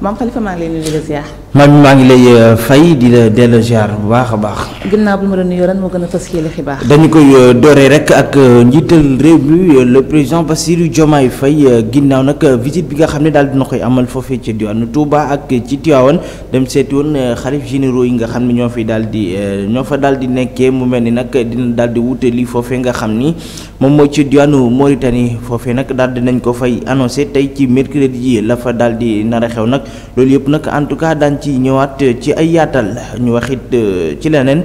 maam Khalifa maa ngi lay di maam maa ngi lay euh, fay di la dellu ziar bu baax a baax. ginnaaw bu ma la nuyoo moo gën a fas yéene baax dañu koy euh, dooree rek ak euh, njiital réew mi le président Bassirou Diomaye fay ginnaaw nag visite bi nga xam ne daal dina koy amal foofee ci diwaanu Touba ak ci Tivaouane dem seeti woon xalif généraux yi nga xam ne ñoo fi daal di ñoo fa daal di nekkee mu mel ni nag dina daal di wutali foofee nga xam ni moom mooy ci diwaanu Mauritanie foofee nag daal dinañ ko fay annoncé tey ci mercredi ji la fa daal di nar xew nag loolu yëpp nag en tout cas daañu ci ñëwaat euh, ci ay yaatal ñu waxit euh, ci leneen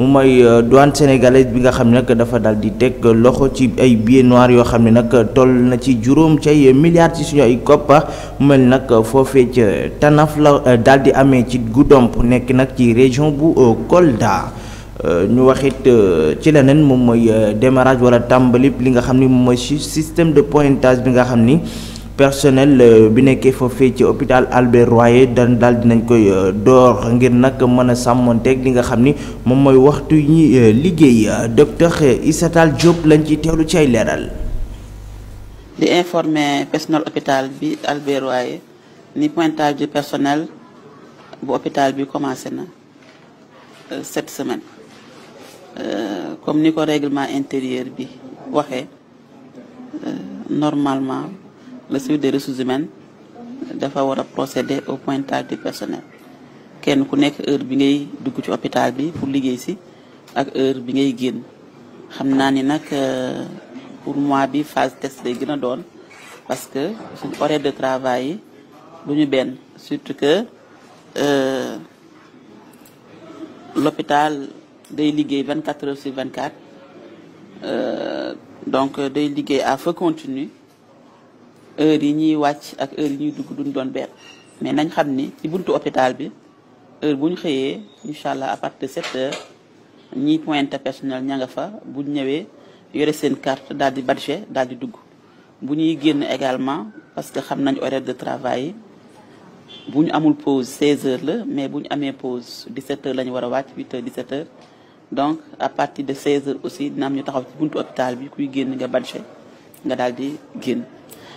mu mooy euh, douane sénégalaise bi nga xam ne nag dafa daal di teg loxo ci ay billets yoo xam ne nag toll na ci juróom ci ay milliards ci suñu ay koppa mu mel nag foofee ca Tanaf la daal di amee ci gu Goudomp nekk nag ci région bu Kolda ñu waxit ci leneen moom mooy démarrage wala tàmbalib li nga xam ni moom mooy système de pointage bi nga xam ni personnel euh, bi nekkee fofé ci hôpital Albert Royer dan dal dinañ koy euh, dor ngir nak mëna a sàmmonteeg li nga xam ni moom waxtu ñi euh, liggéey docteur Issatal Diop lañ ci téwlu ci ay léral di informer personnel hôpital bi Albert Royer ni pointage du personnel bu hôpital bi commencé na cette semaine comme ni ko règlement intérieur bi waxé normalement le service des ressources humaines dafa war procéder au pointage du personnel Nous ku nek heure bi ngay dugg ci hôpital bi pour liggéey ici, ak heure bi ngay guen xamna ni nak euh, pour mois bi phase test est gën doon parce que une horaire de travail yi ben surtout que euh, l'hôpital day liggéey 24 heures sur 24 euh, donc day liggéey à feu continu heure yi ñuy wàcc ak heure yi ñuy dugg duñ doon benn mais nañ xam ci buntu hôpital bi heure bu ñu xëyee incha à partir de 7 heures ñiy pointé personnel ña nga fa bu ñu ñëwee yore seen carte daal di badge daal di dugg bu ñuy génn également parce que xam nañ horaire de travail yi bu ñu amul pause 16 heures la mais bu ñu amee pause 17 heures la 8 heures 17 heures donc à partir de 16 heures aussi dina am ñu taxaw ci buntu hôpital bi kuy génn nga badge nga daal di génn.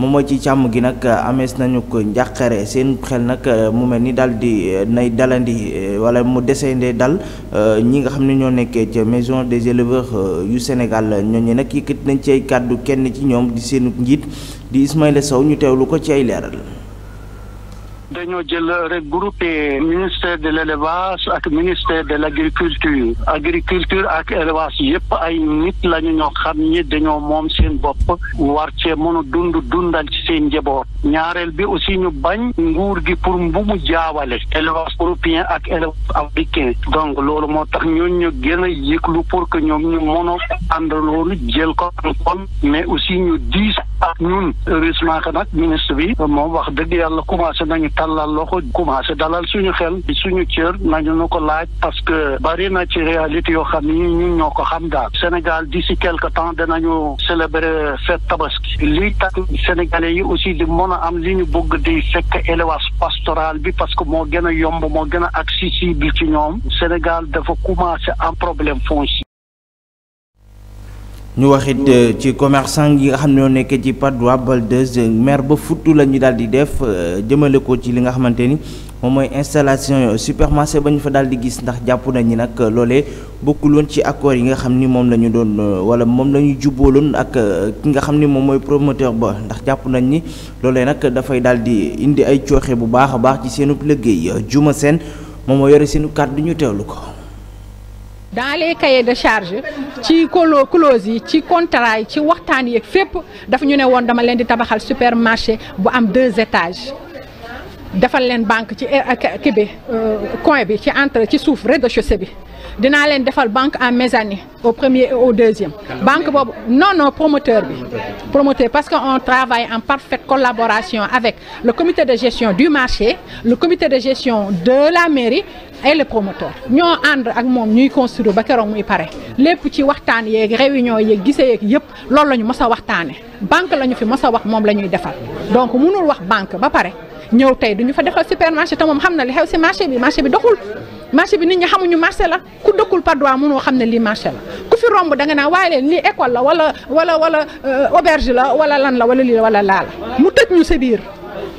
moom mooy ci càmm gi nag euh, amees nañu ko njàqare seen xel nag euh, mu mel ni daal di euh, nay dalandi wala mu desende dal ñi nga xam ne ñoo nekkee ca maison des éleveurs yu Sénégal ñooñu nag yëkkati nañ ci ay kàddu kenn ci ñoom di seen njiit di Ismaïla Sow ñu teew lu ko ci ay leeral dañoo jël regroupé ministère de l'élevage ak ministère de l'agriculture agriculture ak élevage yépp ay nit lañu ñoo xam ni dañoo moom seen bopp war cee mën a dund dundal ci seen njaboot ñaareel bi aussi ñu bañ nguur gi pour bu mu jaawale élevage européen ak élevage africain donc loolu moo tax ñooñ ñu gën a yëglu pour que ñoom ñu mën a ànd loolu jël ko kon mais aussi ñu diis ak ñun heureusement que nag ministre bi moom wax dëgg yàlla commencé nañu tàllal loxo commencé dalal suñu xel bi suñu cër nañu nu ko laaj parce que bari na ci réalité yo xam ni ñun ñoo xam daal Sénégal d'ici quelque temps danañu célébrer fête tabaski lii tax sénégalais yi aussi di mën am li ñu bëgg di fekk élevage pastoral bi parce que mo gëna a yomb moo gën a accessible ci ñoom Sénégal dafa commencé am problème foncier ñu waxit euh, ci commerçant yi nga xam ne ñoo nekkee ci Patte d'Oie Baldeuse mer ba futtu la ñu daal di def euh, jëmale ko ci li nga xamante ni moom mooy installation supermarché ba ñu fa daal di gis ndax jàpp nañu nag euh, loolee bokkul woon ci accord yi nga xam ni moom la ñu doon wala moom la ñu jubbooloon ak ki nga xam ni moom mooy promoteur ba ndax jàpp nañ ni loolee nag dafay daal di indi ay cooxe bu baax a baax ci seenub liggéey juma seen moom moo yore seenu kàddu ñu teewlu ko. dans les cahiers de charge ci colo clause yi ci contrat yi ci waxtaan yeeg fépp dafa ñu ne dama leen di tabaxal supermarché bu am deux étages defal leen banque ci eh, kii bi euh, coin bi ci entre ci de chaussée bi dina leen defal banque en mezzanine au premier et au deuxième banque non non promoteur bi promoteur parce qu'on travaille en parfaite collaboration avec le comité de gestion du marché le comité de gestion de la mairie et le promoteur Nous, avons ak mom ñuy construire ba muy paré. lépp ci waxtaan réunion les yépp loolu lañu waxtaané. fi wax mom lañuy donc mënul wax banque ba paré. Ñew duñu fa supermarché li xew marché bi marché bi doxul marché bi nit ñi xamuñu marché la ku marché la ku fi romb da nga école la wala wala wala euh, auberge la wala lan la wala wala la mu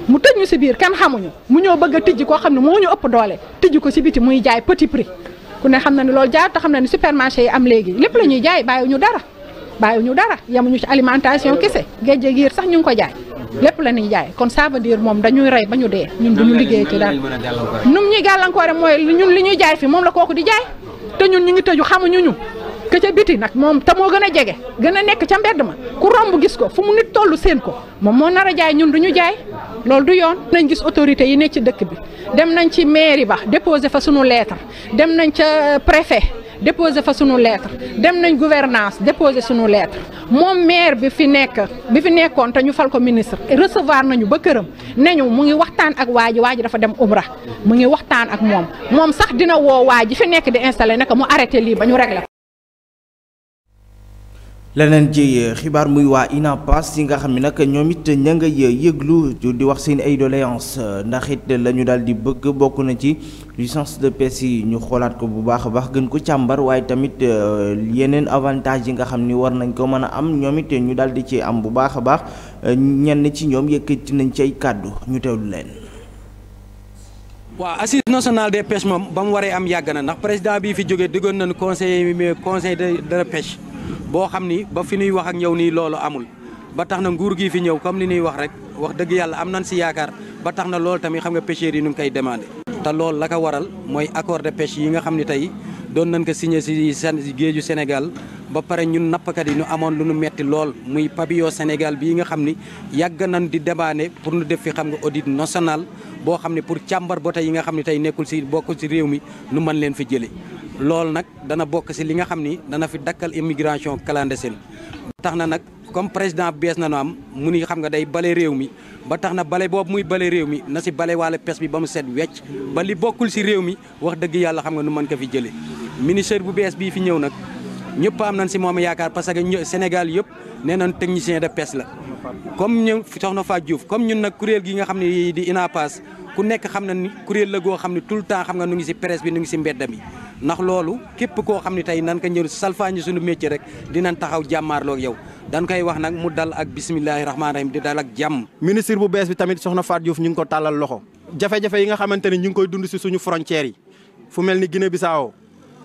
mu tëj ñu si biir kenn xamuñu mu ñoo bëgg a tijji koo xam ne moo ñu ëpp doole tijji ko si biti muy jaay petit prix ku ne xam na ne loolu jaar te xam na ne supermarché yi am léegi lépp la ñuy jaay ñu dara ñu dara yemuñu ci alimentation kese géej giir sax ñu ngi ko jaay lépp la ñuy jaay kon ça veut moom dañuy rey ba ñu dee ñun duñu liggéey ci dara num ñuy gàllankoore mooy ñun li ñuy jaay fi moom la kooku di jaay te ñun ñu ngi tëju xamuñu ñu ka ca biti nag moom te moo gën a jege gën a nekk ca mbedd ma ku romb gis ko fu mu nit toll seen ko moom moo nar a jaay ñun du ñu jaay loolu du yoon. nañ gis autorité yi ne ci dëkk bi dem nañ ci mairie ba déposé fa sunu lettre dem nañ ca euh, préfet. déposé fa sunu lettre dem nañ gouvernance déposé sunu lettre moom maire bi fi nekk bi fi nekkoon te ñu fal ko ministre recevoir nañu ba këram ne ñu mu ngi waxtaan ak waa ji waa ji dafa dem umra mu ngi waxtaan ak moom moom sax dina woo waa ji fi nekk di installé naka mu arrêté lii ba ñu réglé leneen ci xibaar muy waa INAPAS yi nga xam ne nag ñoom it ña nga yëglu di wax seen ay doléance ndax it la ñu daal di bëgg bokk na ci licence de pêche yi ñu xoolaat ko bu baax a baax gën ko càmbar waaye tamit euh, yeneen avantage yi nga xam ni war nañ ko mën a am ñoom it ñu daal di ci am bu baax a baax euh, ñenn ci ñoom yëkkati nañ ci kàddu ñu teewlu leen. waaw assise nationale des pêches moom ba mu waree am yàgg na ndax président bi fi jógee diggoon nañu conseil conseil de la pêche. boo xam ni ba fi ñuy wax ak ñëw nii loolu amul ba tax na nguur gi fi ñëw comme li ñuy wax rek wax dëgg yàlla am nañ si yaakaar ba tax na loolu tamit xam nga pêcheurs yi ñu ngi koy demandé. te loolu la ko waral mooy accord de pêche yi nga xam ni tey doon nañ ko signé si géeju Sénégal ba pare ñun nappkat yi ñu amoon lu ñu metti lool muy pavillon Sénégal bii nga xam ni yàgg nañ di demandé pour ñu def fi xam nga audit national boo xam ne pour càmbar ba tey yi nga xam ne tey nekkul si bokkul ci réew mi nu mën leen fi jëlee loolu nag dana bokk si li nga xam ni dana fi dakkal immigration clandestine tax na nag comme président bees na nu am mu ni xam nga day bale réew mi ba tax na bale boobu muy bale réew mi na si bale waale pes bi ba mu set wecc ba li bokkul si réew mi wax dëgg yàlla xam nga nu man ko fi jëlee ministère bu bees bii fi ñëw nag ñëpp am na si moom yaakaar parce que Sénégal yëpp nee nañ technicien de pes la comme ñu soxna Fatou Diouf comme ñun nag kuréel gi nga xam ne di INAPAS ku nekk xam na ni kuréel la goo xam ne tout le temps xam nga nu ngi bi nu ngi si mbedd mi ndax loolu képp koo xam ne tey nan ko ñëw salfaañi suñu métier rek dinañ taxaw jàmmaarloog yow dañ koy wax nag mu dal ak bisimilahi rahmaani rahim di dal ak jàmm. ministre bu bees bi tamit soxna Fatou Diouf ñu ngi ko tàllal loxo. jafe-jafe yi nga xamante ne ñu ngi koy dund si suñu frontières yi fu mel ni Guinée Bissau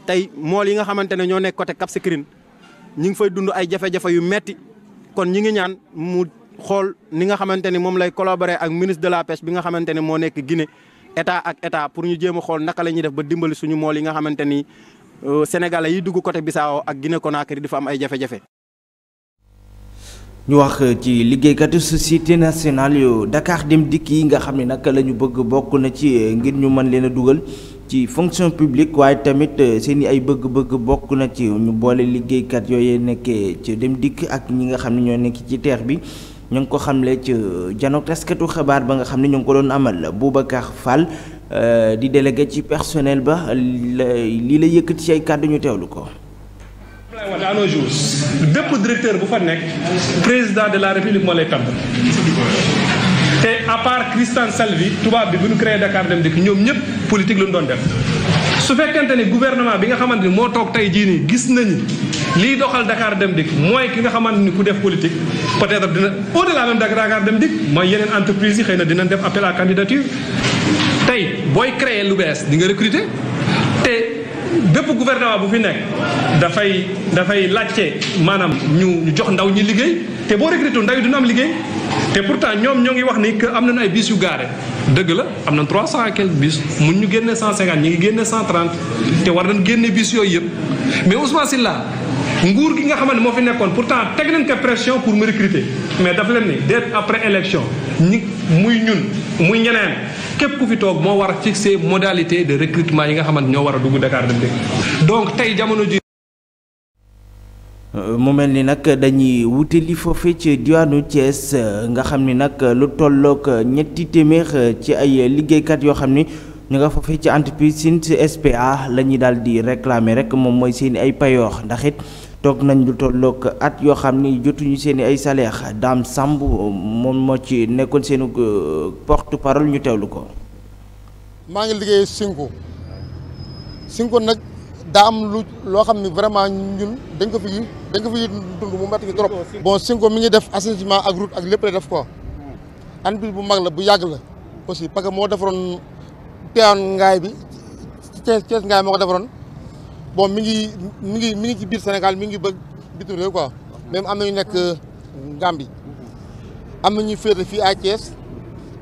tey mool yi nga xamante ne ñoo nekk côté Cap Skirring ñu ngi fay dund ay jafe-jafe yu metti kon ñi ngi ñaan mu xool ni nga xamante ni moom lay collaborer ak ministre de la pêche bi nga xamante ne moo nekk Guinée état ak état pour ñu jéem a xool naka la ñuy def ba dimbali suñu mool yi nga xamante ni euh, sénégalais yi dugg côté Bissau ak gine ko Conakry di fa am ay jafe-jafe. ñu wax ci liggéeykatu société nationale yu Dakar Dem Dikk yi nga xam ne nag lañu bëgg bokk na ci euh, ngir ñu mën leen a dugal. ci fonction publique waaye tamit euh, seen i ay bëgg-bëgg bokk na ci ñu boole liggéeykat yooyu nekkee ci dem dikk ak ñi nga xam ne ñoo nekk ci teer bi ñu ngi ko xamle ci jano janoog taskatu xabaar ba nga xam ne ñu ngi ko doon amal la Boubacar Fall euh, di délégué ci personnel ba lii la yëkkati ci kàddu ñu teewlu ko. à nos jours bépp directeur bu fa nekk président de la république moo lay tàbb te à part Christian Salvi tubaab bi buñ ñu créé Dakar dem dikk ñoom ñëpp politique lu ñu doon def su fekkente ni gouvernement bi nga xamante ni moo toog tey jii nii gis nañu. lii doxal Dakar dem dikk mooy ki nga xamante ni ku def politique peut-être dina au delà même Dakar dem dikk mooy yeneen entreprise yi xëy na dina def appel à tey booy créer lu bees di nga recruter te bépp gouvernement bu fi nekk dafay dafay laajte maanaam ñu ñu jox ndaw ñi liggéey te boo recruter ndaw yi dina am liggéey te pourtant ñoom ñoo ngi wax ni que am nañu ay bis yu gaare dëgg la am na 300 et quelques bis mun ñu génne 150 ñu ngi génne 130 te war nañ génne bis yooyu yëpp mais Ousmane Sylla nguur gi nga xamane mo fi nekkoon pourtant tek nañ ko pression pour me recruter mais daf leen ni dès après élection ñi muy ñun muy ñeneen képp ku fi toog moo war a fixer modalité de recrutement yi nga xamante ñoo war a dugg Dakar dem donc tey jamono ji euh, mu mel ni nag dañuy wutali foofe ci diwaanu Thiès euh, nga xam ni nag lu tolloog euh, ñetti téeméer ci ay liggéeykat yoo xam ni ñu nga foofe ci entreprise SPA la ñuy daal di réclamer rek moom mooy seen ay payoor ndax it tok nañ lu tolloog at yo xamni ni jotuñu seen ay salex dam sambu mom mo ci nekkon seen euh, porte parole ñu tewlu ko ma ngi liggéey sinko sinko nak daa am lu lo xamni ne vraiment ñun dañ ko fi dañ ko fi dund mu metti trop bon sinko mi ngi def assainissement ak route ak lepp lay def ko an bi bu mag la bu yag la aussi parce que mo defaroon pian ngaay bi Thiès Thiès ngaay mo ko bon mi ngi mi ngi mi ngi ci biir Sénégal mi ngi bëgg bitim réew quoi même am na ñu nekk euh, Gambie am na ñu féete fii à Thiès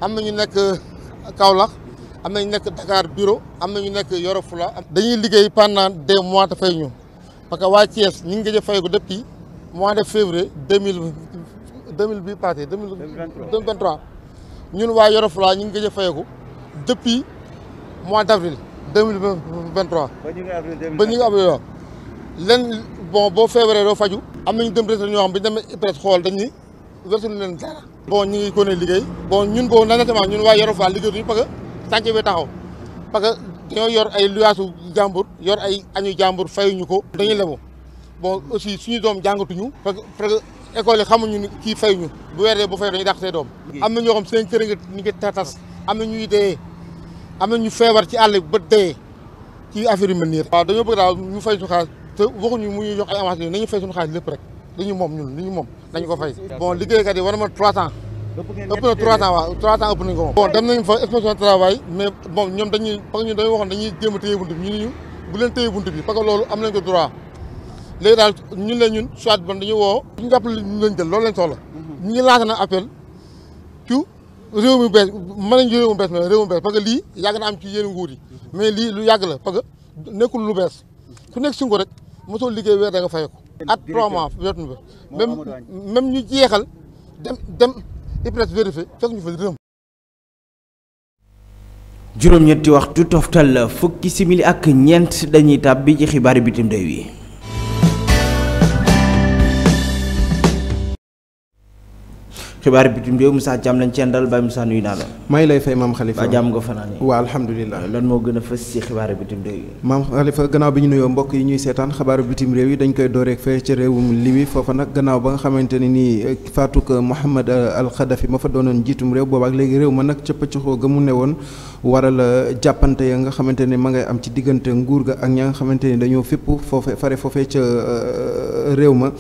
am na ñu nekk euh, Kaolack am na ñu nekk Dakar bureau am na ñu nekk Yoro dañuy liggéey pendant des mois te fay ñu parce que waa Thiès ñu ngi gëj a fay ko depuis mois de février deux mille deux mille bii passé deux mille vingt trois ñun waa Yoro ñu ngi gëj a fay ko depuis mois d' avril. deux mille vingt trois. ba ba ñu ngi avril bon boo feebaree doo faju am nañu dem retraite ñoo xam bi ñu demee IPRES xool dañ ni versuñu leen dara. bon ñu ngi ko ne liggéey. bon ñun boobu honnêtement ñun waa Yoro Fall liggéey duñu parce que sànq bi taxaw parce que yor ay luwaasu jàmbur yor ay añu jàmbur fayuñu ko. dañuy lemu bon aussi suñu doom jàngatuñu. parce que parce que école yi xamuñu kii fay ñu bu weer dee bu fay dañuy dàq see doom. am na ñoo xam seen kër ngi ñu ngi tatas am na ñuy dee. am na ñu feebar ci àll ba dee ci affaire yu mel nii waaw dañoo daal ñu fay suñu xaalis te waxuñu mu ñuy jox ay avance nañu fay suñu xaalis lépp rek li ñu moom ñun li ñu moom nañu ko fay bon liggéeykat yi war na ma trois ans ëpp na trois ans waaw trois ans waxoon a téye bunt bi ñu ñu bu leen téye bunt bi parce que léegi daal ñun la ñun soit bon dañu woo ñu jàppale ñu leen jël loolu lañ soxla mhm. ñu ngi lancé na appel ci réew mi bees mën nañu réew mi bees na réew mu bees parce que lii yàgg na am ci yenn nguur yi mais lii lu yàgg la parce nekkul lu bees ku nekk sungu rek mosoo liggéey weer da fay ko at trois mois wetuñu ba même même ñu jeexal dem dem IPRES vérifié fekk ñu fa dërëm juróom-ñetti waxtu toftal fukki simili ak ñeent dañuy tàbbi ci xibaari bitim réew yi xibaar bitim réew Moussa Thiam lañ ceen dal Baye Moussa nuyu naa la maa ngi lay fay maam Khalifa ba jàmm nga fanaan waa alhamdulilah moo gën a fës ci xibaar bitim réew yi maam Khalifa ñu nuyoo mbokk yi ñuy seetaan xibaaru bitim réew yi dañ koy dooreek fee ca réewum Libi foofa nag gannaaw ba nga xamante ne nii eh, faatuk eh, Mohamed eh, Al Khadafi ma fa doonoon jiitum réew ak léegi réew ma nag cëppa coxoo ga mu ne woon waral jàppante ya nga xamante ne ma ngay am ci diggante nguur ga ak ñaa nga xamante ni dañoo fépp foofe fare foofee ca réew ma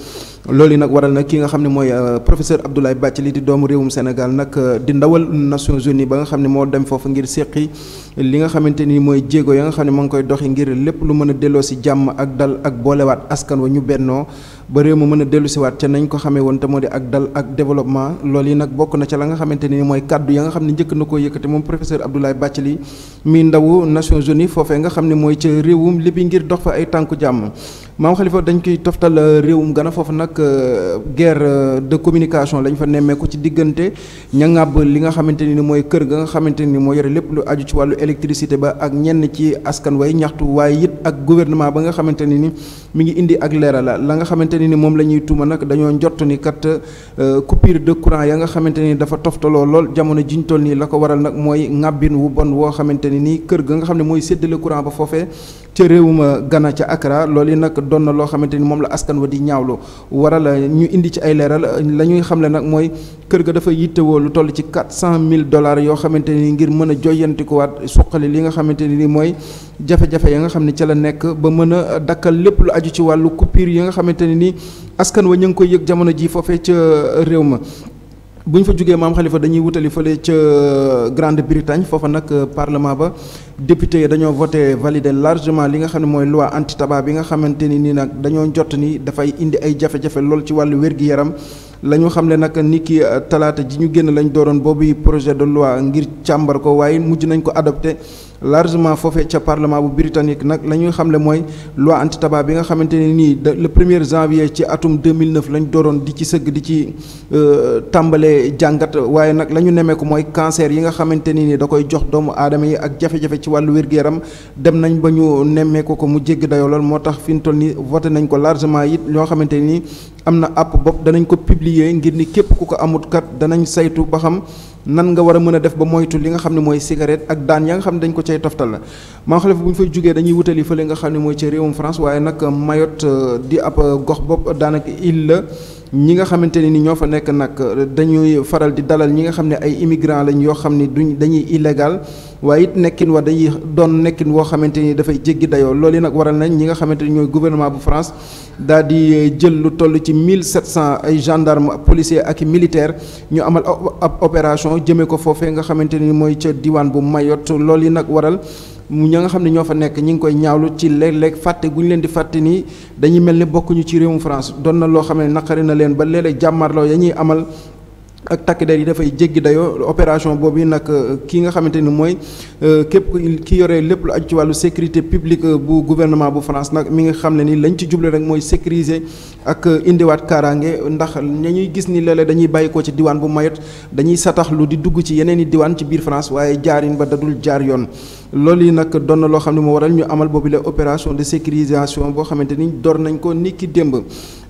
loolu nag waral nag ki nga xam ne mooy euh, professeur bàcc Bathily di doomu réewum Sénégal nag euh, di ndawal Nations Unies ba nga xam ne moo dem foofu ngir séqi li nga xamante ni mooy jéego ya nga xam ne moo ngi koy doxi ngir lépp lu mën a delloo si jàmm ak dal ak boolewaat askan wa ñu bennoo ba réew mu mën a ci siwaat ci nañ ko xamé won té modi ak dal ak développement loolu yi nag bokk na ci la nga xamanteni moy cadre ya nga xamni ne na ko yëkëti mom professeur Abdoulaye Bathily mi ndawu Nations Unies fofé nga xamni moy ci ca réewum libi ngir dox fa ay tanku jamm mam khalifa dañ koy toftal euh, réewum gëna fofu nak euh, guerre euh, de communication lañ fa ko ci digënté ña ba li nga xamanteni moy kër ga nga xamanteni moy yoré lepp lu aju ci walu électricité ba ak ñenn ci askan way ñaxtu way yit ak gouvernement ba nga xamanteni mi ngi indi ak léra la la nga xamanteni xamante ni moom la ñuy tuuma nag dañoo njott ni kat euh, coupure de courant ya nga xamante ni dafa toftaloo lool jamono jiñ toll nii la ko waral nag mooy ŋàbbin wu bon woo xamante ni nii kër ga nga xam ne mooy séddale courant ba foofee ca réewuma euh, Ghana ca Accra loolu yi nag doon na loo xamante ni moom la askan wa di ñaawlu waral euh, ñu indi ci ay leeral la xam ne nag mooy kër ga dafa woo lu toll ci quatre cent mille dollars yoo xamante nii ngir mën a joyantikuwaat suqali li nga xamante ni mooy jafe-jafe ya nga xam ne ca la nekk ba mën a dakkal lépp lu aju ci wàllu coupure yi nga xamante ne ni askan wa ñu ngi koy yëg jamono ji foofee ca réew ma bu ñu fa jógee maam xalifa dañuy wutali fale ca Grande-Bretagne foofa nag euh, parlement ba député yi dañoo voté validé largement li nga xam ne mooy loi anti tabaab bi nga xamante ni nii nag dañoo jot ni dafay indi ay jafe-jafe lool ci wàllu wér-gi-yaram la ñu xam ne nag ni ki euh, talaata ji ñu génn lañ dooroon boobi projet de loi ngir càmbar ko waaye mujj nañ ko adopté largement foofee ca parlement bu britannique nag la ñuy xam ne mooy loi anti tabac bi nga xamante ni nii le premier janvier ci atum 2009 lañ dooroon di ci sëgg di ci euh, tàmbalee jàngat waaye nag la ñu nemeeku mooy cancer yi nga xamante ni nii da koy jox doomu aadama yi ak jafe-jafe ci wàllu wér-gu-yaram dem nañ ba ñu nemmeeku ko mu jégg dayoo lool moo tax fi mu toll nii voté nañ ko largement it ñoo xamante ni am na app bopp danañ ko publier ngir ni képp ku ko amut kat danañ saytu ba xam nan nga war a mën a def ba moytu li nga xam ne mooy cigarette ak daan ya nga xam ne dañ ko cay toftal la maam xalifa bu ñu fay jógee dañuy wutali fële nga xam ne mooy ci réewum France waaye nag Mayotte euh, di ab euh, gox bopp daanaka île la ñi nga xamante ne ni ñoo fa nekk nag dañuy faral di dalal ñi nga xam ne ay immigrants lañ yoo xam ne duñ dañuy illégal waaye it nekkin wa dañuy doon nekkin woo xamante ni dafay jéggi dayoo loolu nag waral nañ ñi nga xamante ni ñooy gouvernement bu France daal di euh, jël lu toll ci 1700 ay gendarmes policiers ak militaires ñu amal ab opération. Milano jëmee ko foofee nga xamante ni mooy ca diwaan bu Mayotte lool yi nag waral mu ña nga xam ne ñoo fa nekk ñi ngi koy ñaawlu ci léeg-léeg fàtte gu ñu leen di fàtte nii dañuy mel ni bokkuñu ci réewum France doon na loo xam ne naqari na leen ba léeg-léeg jàmmarloo ya ñuy amal ak takk der yi dafay jéggi dayoo opération boobu nag euh, ki nga xamante ni mooy euh, képp ki yore lépp lu aju ci wàllu sécurité publique euh, bu gouvernement bu France nag mi nga xam ne ni lañ ci juble rek mooy sécuriser ak indiwaat kaaraange ndax ñuy gis ni léeg dañuy bàyyi ci diwaan bu Mayotte dañuy sataxlu di dugg ci yeneen i diwaan ci biir France waaye jaarin ba dadul jaar yoon. loolu yi nag doon loo xam ne moo waral ñu amal boobu la opération de sécurisation boo xamante ni door nañ ko ni démb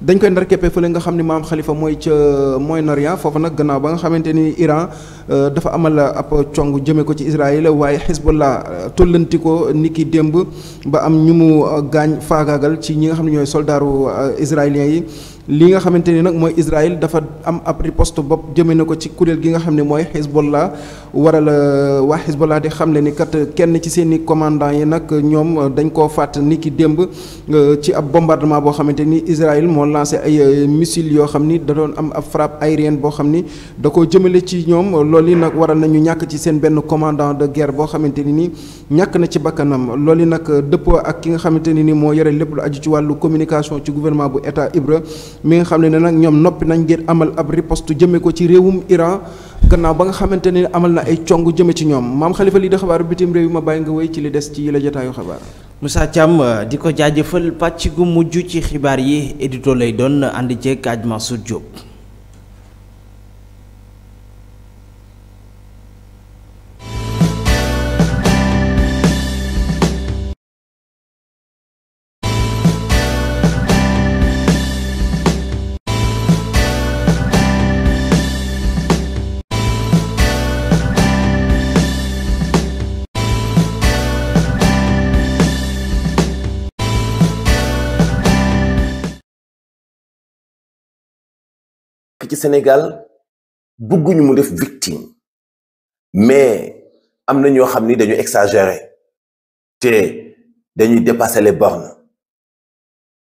dañ koy ndar keppe fële nga xam ne maam xalifa mooy ca moyen foofu nag gannaaw ba nga xamante ni Iran euh, dafa amal ab cong jëme ko ci Israël waaye Hezbollah euh, tollanti ko ni ki démb ba am ñu mu euh, gaañ faagaagal ci ñi nga xam ne ñooy soldaaru israéliens yi li nga xamante ni nag mooy Israël dafa am ab riposte bopp jëme na ko ci kuréel gi nga xam ne mooy Hezbollah waral euh, waa Hezbollah di xamle ni kat kenn ci seen i commandant yi nag ñoom dañ koo fàtt ni ki démb euh, ci ab bombardement boo xamante ni Israël moo lancé ay euh, missiles yoo xam ni da doon am ab frappe aérienne boo xam ni da koo jëmale ci ñoom lool yi nag waral nañu ñàkk ci seen benn commandant de guerre boo xamante ni ni ñàkk na ci bakkanam loolu yi nag dëppoo ak ki nga xamante ni ni moo yore lépp lu aju ci wàllu communication ci gouvernement bu état Ibra mi nga xam ne nag ñoom noppi nañ ngir amal ab riposte jëmee ko ci réewum Iran gannaaw ba nga xamante ni amal na ay cong jëme ci ñoom maam xalifa lii de xabaaru bitim réew ma bàyyi nga wéy ci li des ci yi la jotaayu xabaar. Moussa Thiam euh, di ko jaajëfal pàcc gu mujj ci xibaar yi édito lay doon indi ànd ceeg Hadj Mansour Diop. ci Sénégal bugguñu mu def victime mais am na ñoo xam ni dañu exagérer te dañuy dépasser les bornes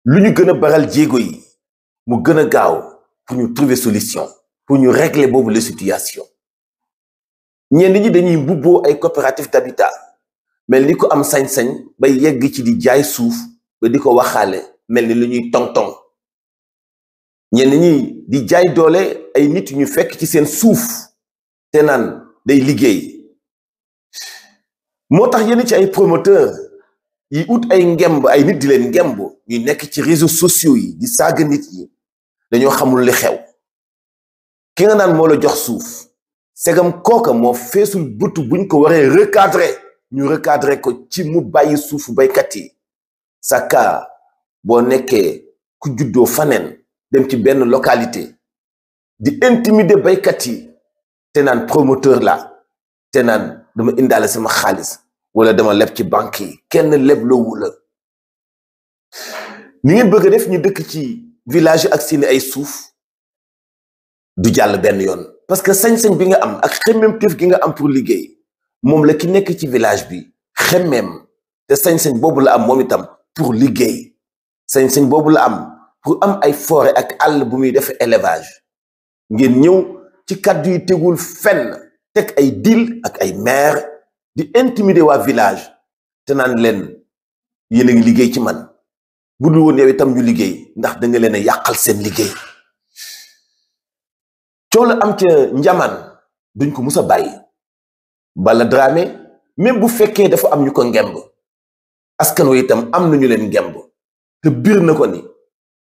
lu ñu gën a baral jéego yi mu gën a gaaw pour ñu trouver solution pour ñu régler boobu les situations ñenn ñi dañuy mbubboo ay coopérative d'habitat mel ni ko am sañ-sañ bay yegg ci di jaay suuf ba di ko waxaale mel ni lu ñuy tong-tong ñenn ñi di jaay doole ay nit ñu fekk ci seen suuf te naan day liggéey moo tax yenn ci ay promoteur yi ut ay ngemb ay nit di leen ngemb ñu nekk ci réseaux sociaux yi di saaga nit yi dañoo xamul li xew ki nga naan moo la jox suuf segam kooka moo feesul bëtu buñ ko waree recadrer ñu recadrer ko ci mu bàyyi suufu baykat yi sa boo nekkee ku juddoo faneen dem ci benn localité di intimider baykat yi te naan promoteur la te naan dama indaale sama xaalis wala dama leb ci banque yi kenn leb loowu la ni ngi bëgg a def ñu dëkk ci village ak seeni ay suuf du jàll benn yoon parce que sañ-sañ bi nga am ak xemmemteef gi nga am pour liggéey moom la ki nekk ci village bi xemmeem te sañ-sañ boobu la am moom itam pour liggéey sañ-sañ boobu la am pour am ay forêt ak àll bu muy def élevage ngeen ñëw ci kàddu yi tegul fenn teg ay deal ak ay maire di intimider waa village te naan leen yéen a ngi liggéey ci man bu dul woon yow itam ñu liggéey ndax danga leen a yàqal seen liggéey coola am ca njaman duñ ko mus a bàyyi bala Dramé même bu fekkee dafa am ñu ko ngemb askan wi itam am nañu leen ngemb te biir na ko ni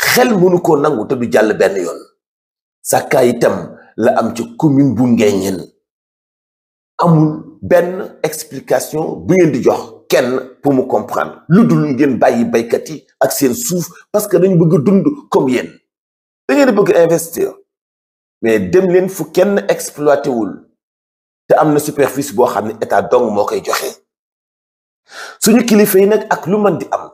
xel mënu koo nangu te du jàll benn yoon sàkkaa itam la am ci commune bu Nguéniène amul benn explication bu ngeen di jox kenn pour mu comprendre lu dul ngeen bàyyi baykat yi ak seen suuf parce que dañ bëgg dund comme yéen da bëgg investir mais dem leen fu kenn exploité wul te am na superfice boo xam ne état dong moo koy joxe suñu kilifa yi nag ak lu mën di am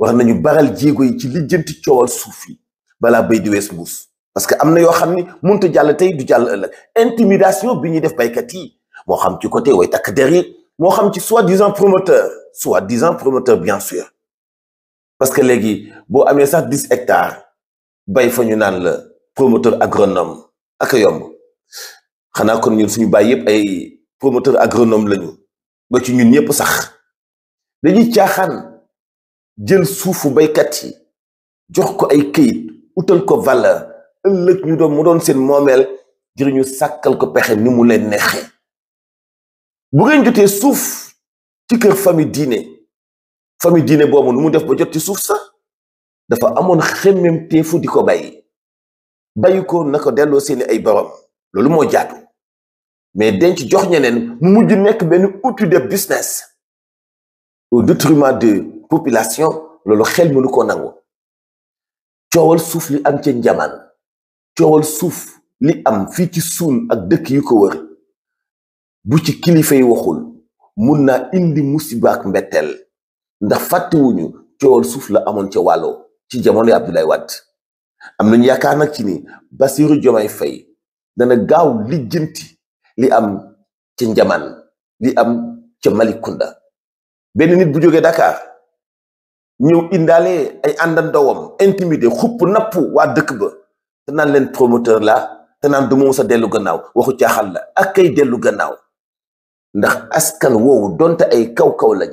wax nañu baral jéego yi ci lijjanti coowal suuf yi balaa béy di wees mbuus parce que am na yoo xam ni mënut a jàll tey du jàll ëllëg intimidation bi ñuy def baykat yi moo xam ci côté way takk der moo xam ci soi-disant promoteur soi-disant promoteur bien sûr parce que léegi boo amee sax dix hectares bay fa ñu naan la promoteur agronome ak yomb xanaa kon ñun suñu bay yëpp ay promoteur agronome lañu ba ci ñun ñëpp sax dañuy caaxaan. jël suufu baykat yi jox ko ay këyit utal ko valeur ëllëg ñu doon mu doon seen moomeel ngir ñu sàkkal ko pexe ni mu leen neexee bu ngeen jotee suuf ci kër famille diine famille diine boobu nu mu def ba jot ci suuf sax dafa amoon xemmem teefu di ko bay bàyyi ko na ko delloo seeni ay borom loolu moo jaatu mais denc jox ñeneen mu mujj nekk benn outil de business au détriment de population loolu xel mënu ko nangu coowal suuf li am ca njamaan coowal suuf li am fii ci suun ak dëkk yu ko bu ci kilifa yi waxul mun na indi musiba ak mbetteel ndax fàttewuñu coowal suuf la amoon ca wàlloo ci jamonoy Abdoulaye am nañu yaakaar nag ci ni Bassirou Diomaye Faye dana gaaw lijjanti li am ca njamaan li am ca Malicounda benn nit bu jógee Dakar ñëw indaale ay àndandoowam intimidé xupp napp waa dëkk ba te naan leen promoteur la te naan du sa dellu gannaaw waxu caaxal la ak kay dellu gannaaw ndax askan woowu donte ay kaw-kaw lañ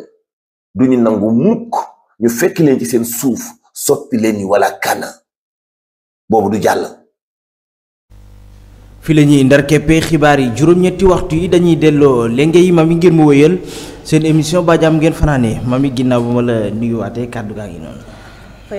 du ñu nangu mukk ñu fekk le ci seen suuf soppi leen ñu wala kana boobu du jàll fi la ñuy xibaar yi juróom-ñetti waxtu yi dañuy delloo lenge yi mami ngeen mu wëyal seen émission ba jàmm ngeen fanaanee mami ginnaaw ba ma la nuyuwaatee kàddu gaa ngi noonu